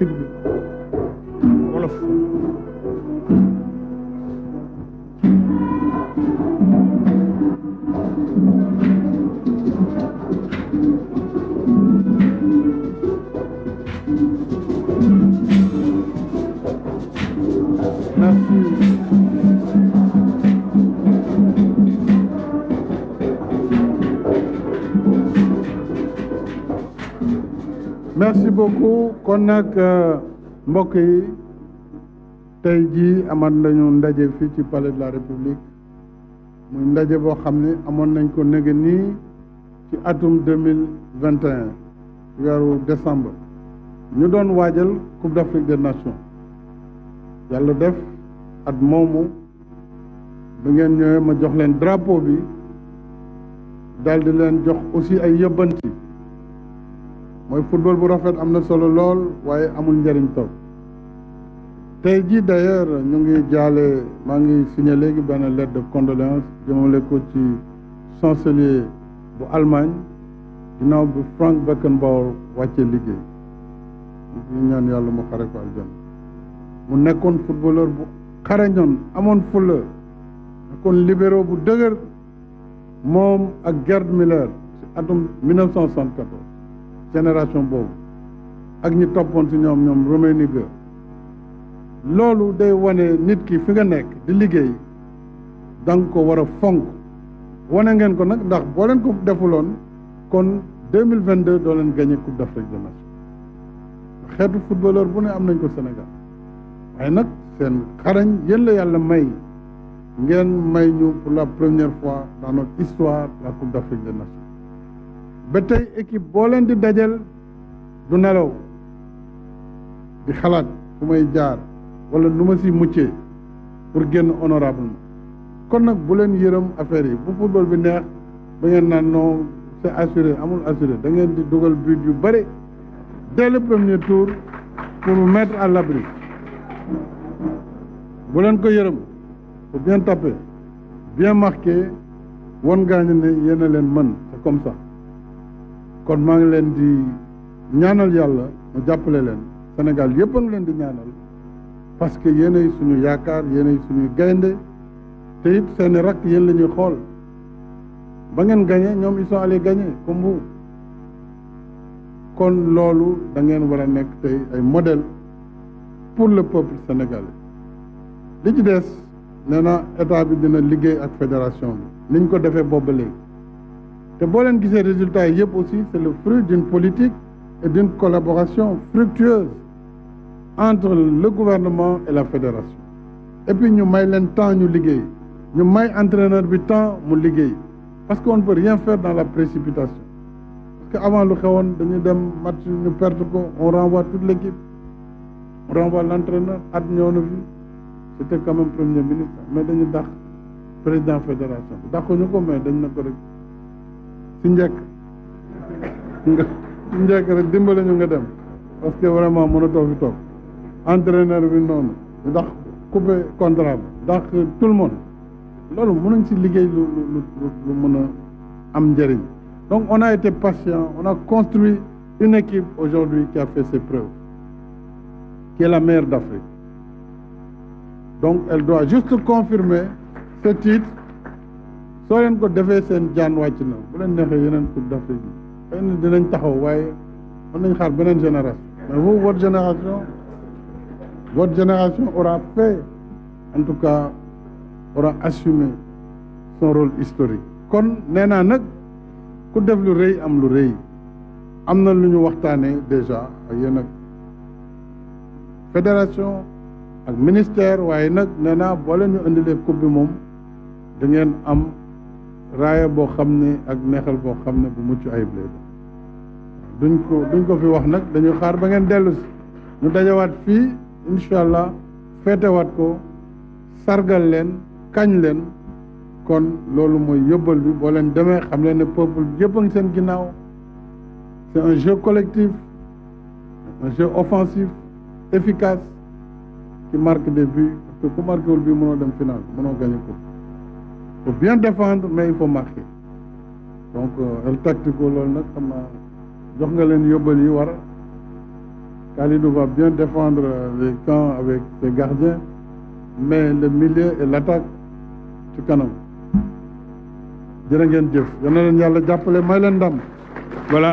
sëñ bi wolof Merci. merci beaucoup kon nag euh, mbokk yi tey jii amaat nañu ndaje fii ci palais de la république muy ndaje boo xam ne amoon nañ ko nege nii ci atum deux mille vingt et un weeru décembre ñu doon waajal coupe d'Afrique des nations yàlla def at moomu bi ngeen ñëwee ma jox leen drapeau bi daal di leen jox aussi ay yëbbanti mooy football bu rafet am na solo lool waaye amul njëriñ toog tey jii d'ailleurs ñu ngi jaale maa ngi signé léegi benn lettre de condoléance jëmale ko ci chancelier bu Allemagne ginnaaw bu Frank Beckenbauer wàccee liggéey ñu ñaan yàlla mu xare ko aljana mu nekkoon footballeur bu xarañoon amoon fulla nekkoon libéro bu dëgër moom ak gert milleur ci atum 1974 génération boobu ak ñi toppoon ci ñoom ñoom Rummenigge loolu day wane nit ki fi nga nekk di liggéey da ko war a fonk wane ngeen ko nag ndax boo leen ko defuloon kon deux mille vingt deux doo leen gagné coupe d'Afrique des Nations xeetu footballeur bu ne am nañ ko Sénégal waaye nag seen xarañ yéen la yàlla may ngeen may ñu la première fois dans notre histoire la coupe d'Afrique des Nations ba tey équipe boo leen di dajal du nelaw di xalaat fu may jaar wala nu ma si muccee pour génn honorablement kon nag bu leen yërëm affaire yi bu football bi neex ba ngeen naan noo c'est assuré amul assuré da ngeen di dugal but yu bëri dès le premier tour pour vous mettre à l'abri bu ko yërëm faut bien taper bien marquer won gaañu ne yéen leen mën c'est comme sax kon maa ngi leen di ñaanal yàlla mu jàppale leen Sénégal yëpp a ngi leen di ñaanal parce que yéenay suñu yaakaar yéenay suñuy gaynde te it seen rak yéen la ñuy xool ba ngeen gagné ñoom ils sont allés gagner kon loolu dangeen ngeen war a nekk tey ay modèle pour le peuple sénégalais li ci des nee na état bi dina liggéey ak fédération liñ ko defee boobu léegi te boo leen gisee résultats yi yëpp aussi c'est le fruit d'une politique et d'une collaboration fructueuse entre le gouvernement et la fédération et puis ñu may leen temps ñu liggéey ñu may entraîneur bi temps mu liggéey parce que qu'on ne peut rien faire dans la précipitation parce que avant lu xewoon dañuy dem match ñu perte ko on renvoie toute l'équipe on renvoie l'entraîneur at ñëw na fi c'était quand même premier ministre mais dañu dàq président fédération dàquñu ko mais dañ na ko rek si njëkk nga si njëkk rek dimbale ñu nga dem parce que vraiment mën a toog fi toog entraîneur bi noonu ndax coupé contrat bi ndax tout le monde loolu mën mënuñ si liggéey lu lu mën a am njëriñ donc on a été patient on a construit une équipe aujourd'hui qui a fait ses preuves qui la meilleure d'Afrique donc elle doit juste confirmer ce titre soo leen ko defee seen jaan wàcc na bu leen neexee yeneen coupe d'Afrique yi xëy na dinañ taxaw waaye mën nañ xaar beneen génération mais vous votre génération votre génération aura fait en tout cas aura assumé son rôle historique kon nee naa nag ku def lu rëy am lu rëy am na lu ñu waxtaanee déjà ak yéen ak fédération ak ministère waaye nag nee naa boo leen ñu indilee coupe bi moom dangeen ngeen am raaya boo xam ne ak neexal boo xam ne bu mucc ayib lay duñ ko duñ ko fi wax nag dañuy xaar ba ngeen dellu si ñu dajawaat fii incha allah feetewaat ko sargal leen kañ leen kon loolu mooy yóbbal bi boo leen demee xam leen ne peuple yëpp a ngi seen ginnaaw c'est un jeu collectif un jeu offensif efficace qui marque des buts parce ku marqué bi bii mënoo dem final mënoo gagné ko faut bien défendre mais il faut marquer donc euh, el tactico loolu nag xam jox nga leen yóbbal yi war Kalidou va bien défendre euh, les camps avec ses gardiens mais le milieu et l'attaque ci kanam jërë ngeen jëf yal na leen yàlla jàppale may leen ndam voilà